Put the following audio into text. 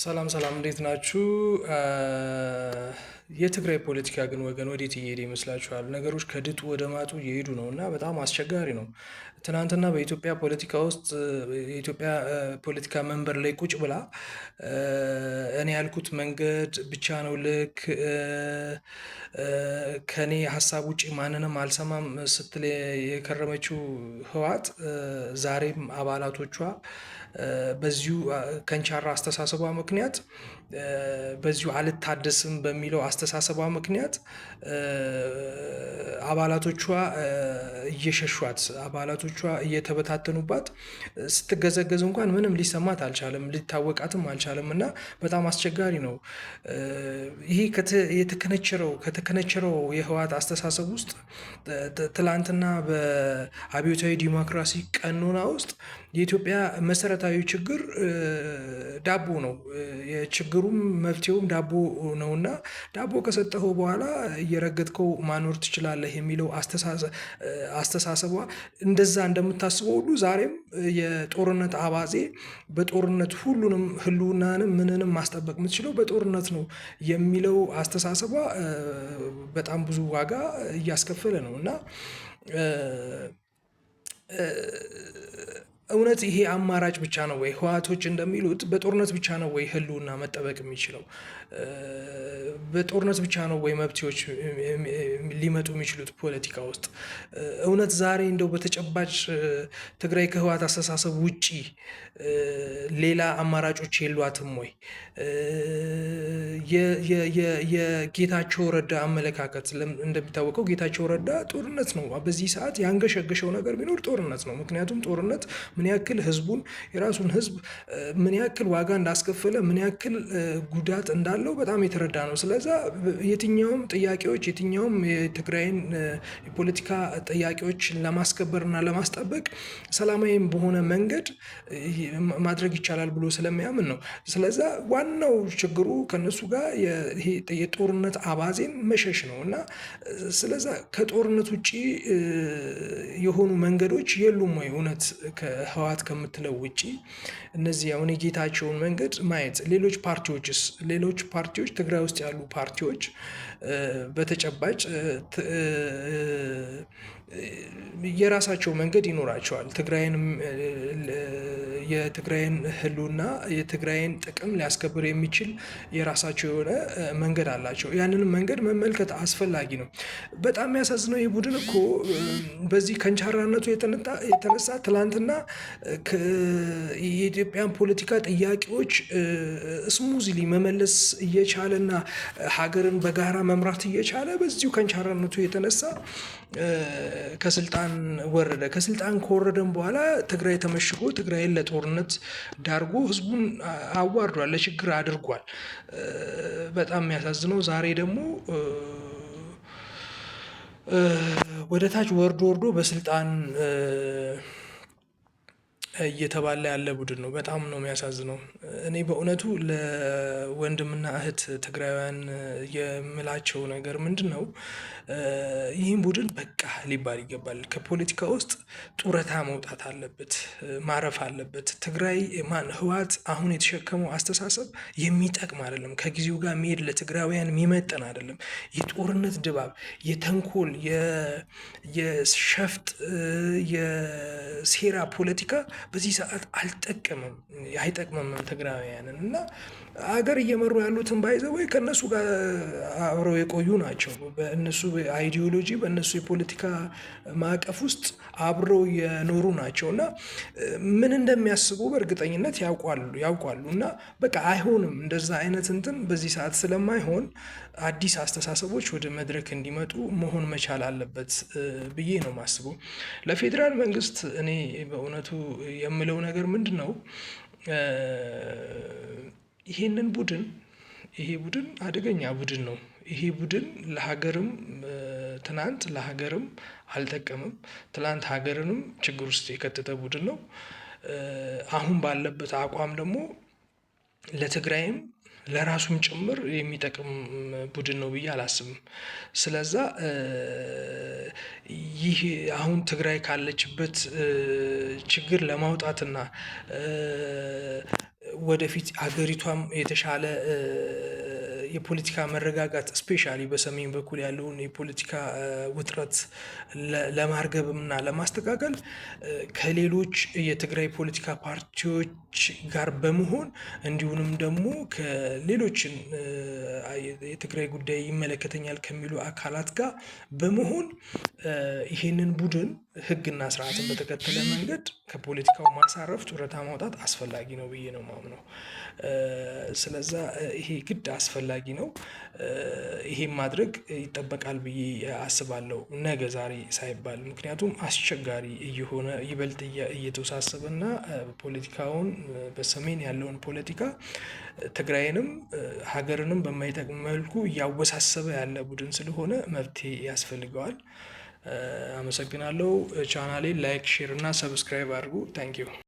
ሰላም ሰላም፣ እንዴት ናችሁ? የትግራይ ፖለቲካ ግን ወገን ወዴት እየሄደ ይመስላችኋል? ነገሮች ከድጡ ወደ ማጡ እየሄዱ ነው እና በጣም አስቸጋሪ ነው። ትናንትና በኢትዮጵያ ፖለቲካ ውስጥ የኢትዮጵያ ፖለቲካ መንበር ላይ ቁጭ ብላ እኔ ያልኩት መንገድ ብቻ ነው ልክ፣ ከኔ ሀሳብ ውጭ ማንንም አልሰማም ስትል የከረመችው ህወሓት ዛሬም አባላቶቿ በዚሁ ከንቻራ አስተሳሰቧ ምክንያት በዚሁ አልታደስም በሚለው አስተሳሰቧ ምክንያት አባላቶቿ እየሸሿት አባላቶቿ እየተበታተኑባት ስትገዘገዝ እንኳን ምንም ሊሰማት አልቻለም፣ ሊታወቃትም አልቻለም እና በጣም አስቸጋሪ ነው። ይህ የተከነቸረው ከተከነቸረው የህወሓት አስተሳሰብ ውስጥ ትላንትና በአብዮታዊ ዲሞክራሲ ቀኖና ውስጥ የኢትዮጵያ መሰረታዊ ችግር ዳቦ ነው የችግሩ ነገሩም መፍትሄውም ዳቦ ነውና ዳቦ ከሰጠኸው በኋላ እየረገጥከው ማኖር ትችላለህ የሚለው አስተሳሰቧ እንደዛ እንደምታስበው ሁሉ ዛሬም የጦርነት አባዜ በጦርነት ሁሉንም ህልውናንም ምንንም ማስጠበቅ የምትችለው በጦርነት ነው የሚለው አስተሳሰቧ በጣም ብዙ ዋጋ እያስከፈለ ነው እና እውነት ይሄ አማራጭ ብቻ ነው ወይ? ህወሓቶች እንደሚሉት በጦርነት ብቻ ነው ወይ ህልውና መጠበቅ የሚችለው? በጦርነት ብቻ ነው ወይ መብቴዎች ሊመጡ የሚችሉት ፖለቲካ ውስጥ? እውነት ዛሬ እንደው በተጨባጭ ትግራይ ከህወሓት አስተሳሰብ ውጪ ሌላ አማራጮች የሏትም ወይ? የጌታቸው ረዳ አመለካከት እንደሚታወቀው ጌታቸው ረዳ ጦርነት ነው በዚህ ሰዓት ያንገሸገሸው ነገር ቢኖር ጦርነት ነው። ምክንያቱም ጦርነት ምን ያክል ህዝቡን የራሱን ህዝብ ምን ያክል ዋጋ እንዳስከፈለ ምን ያክል ጉዳት እንዳለው በጣም የተረዳ ነው። ስለዛ የትኛውም ጥያቄዎች የትኛውም የትግራይን የፖለቲካ ጥያቄዎች ለማስከበር እና ለማስጠበቅ ሰላማዊም በሆነ መንገድ ማድረግ ይቻላል ብሎ ስለሚያምን ነው። ስለዛ ዋናው ችግሩ ከነሱ ጋር የጦርነት አባዜን መሸሽ ነው እና ስለዛ ከጦርነት ውጪ የሆኑ መንገዶች የሉም ወይ እውነት ህወሓት ከምትለው ውጪ እነዚህ አሁን የጌታቸውን መንገድ ማየት ሌሎች ፓርቲዎችስ ሌሎች ፓርቲዎች ትግራይ ውስጥ ያሉ ፓርቲዎች በተጨባጭ የራሳቸው መንገድ ይኖራቸዋል። የትግራይን ህልውና የትግራይን ጥቅም ሊያስከብር የሚችል የራሳቸው የሆነ መንገድ አላቸው። ያንንም መንገድ መመልከት አስፈላጊ ነው። በጣም የሚያሳዝነው ይህ ቡድን እኮ በዚህ ከንቻራነቱ የተነሳ ትላንትና የኢትዮጵያን ፖለቲካ ጥያቄዎች ስሙዝሊ መመለስ እየቻለና ሀገርን በጋራ መምራት እየቻለ በዚሁ ከንቻራነቱ የተነሳ ከስልጣን ከስልጣን ወረደ። ከስልጣን ከወረደም በኋላ ትግራይ ተመሽጎ ትግራይን ለጦርነት ዳርጎ ህዝቡን አዋርዷል፣ ለችግር አድርጓል። በጣም የሚያሳዝነው ዛሬ ደግሞ ወደ ታች ወርዶ ወርዶ በስልጣን እየተባለ ያለ ቡድን ነው። በጣም ነው የሚያሳዝነው። እኔ በእውነቱ ለወንድምና እህት ትግራውያን የምላቸው ነገር ምንድን ነው፣ ይህን ቡድን በቃ ሊባል ይገባል። ከፖለቲካ ውስጥ ጡረታ መውጣት አለበት፣ ማረፍ አለበት። ትግራይ ማን ህወሓት አሁን የተሸከመው አስተሳሰብ የሚጠቅም አይደለም፣ ከጊዜው ጋር መሄድ ለትግራውያን የሚመጠን አይደለም። የጦርነት ድባብ፣ የተንኮል፣ የሸፍጥ፣ የሴራ ፖለቲካ በዚህ ሰዓት አልጠቅምም አይጠቅምም ትግራውያንን እና አገር እየመሩ ያሉትን ባይዘው ወይ ከእነሱ ጋር አብረው የቆዩ ናቸው። በእነሱ አይዲዮሎጂ በእነሱ የፖለቲካ ማዕቀፍ ውስጥ አብረው የኖሩ ናቸው እና ምን እንደሚያስቡ በእርግጠኝነት ያውቋሉ ያውቋሉ እና በቃ አይሆንም እንደዛ አይነት እንትን በዚህ ሰዓት ስለማይሆን አዲስ አስተሳሰቦች ወደ መድረክ እንዲመጡ መሆን መቻል አለበት ብዬ ነው የማስበው። ለፌዴራል መንግስት እኔ በእውነቱ የምለው ነገር ምንድን ነው? ይሄንን ቡድን ይሄ ቡድን አደገኛ ቡድን ነው። ይሄ ቡድን ለሀገርም ትናንት ለሀገርም አልጠቀምም። ትናንት ሀገርንም ችግር ውስጥ የከተተ ቡድን ነው። አሁን ባለበት አቋም ደግሞ ለትግራይም ለራሱም ጭምር የሚጠቅም ቡድን ነው ብዬ አላስብም። ስለዛ ይህ አሁን ትግራይ ካለችበት ችግር ለማውጣትና ወደፊት አገሪቷም የተሻለ የፖለቲካ መረጋጋት ስፔሻሊ በሰሜን በኩል ያለውን የፖለቲካ ውጥረት ለማርገብና ለማስተካከል ከሌሎች የትግራይ ፖለቲካ ፓርቲዎች ጋር በመሆን እንዲሁንም ደግሞ ከሌሎችን የትግራይ ጉዳይ ይመለከተኛል ከሚሉ አካላት ጋር በመሆን ይሄንን ቡድን ህግና ስርዓትን በተከተለ መንገድ ከፖለቲካው ማሳረፍ፣ ጡረታ ማውጣት አስፈላጊ ነው ብዬ ነው ማምነው። ስለዛ ይሄ ግድ አስፈላጊ አስፈላጊ ነው። ይሄም ማድረግ ይጠበቃል ብዬ አስባለሁ። ነገ ዛሬ ሳይባል ምክንያቱም አስቸጋሪ እየሆነ ይበልጥ እየተወሳሰበና ፖለቲካውን በሰሜን ያለውን ፖለቲካ ትግራይንም ሀገርንም በማይጠቅም መልኩ እያወሳሰበ ያለ ቡድን ስለሆነ መፍትሄ ያስፈልገዋል። አመሰግናለሁ። ቻናሌን ላይክ፣ ሼር እና ሰብስክራይብ አድርጉ። ታንኪዩ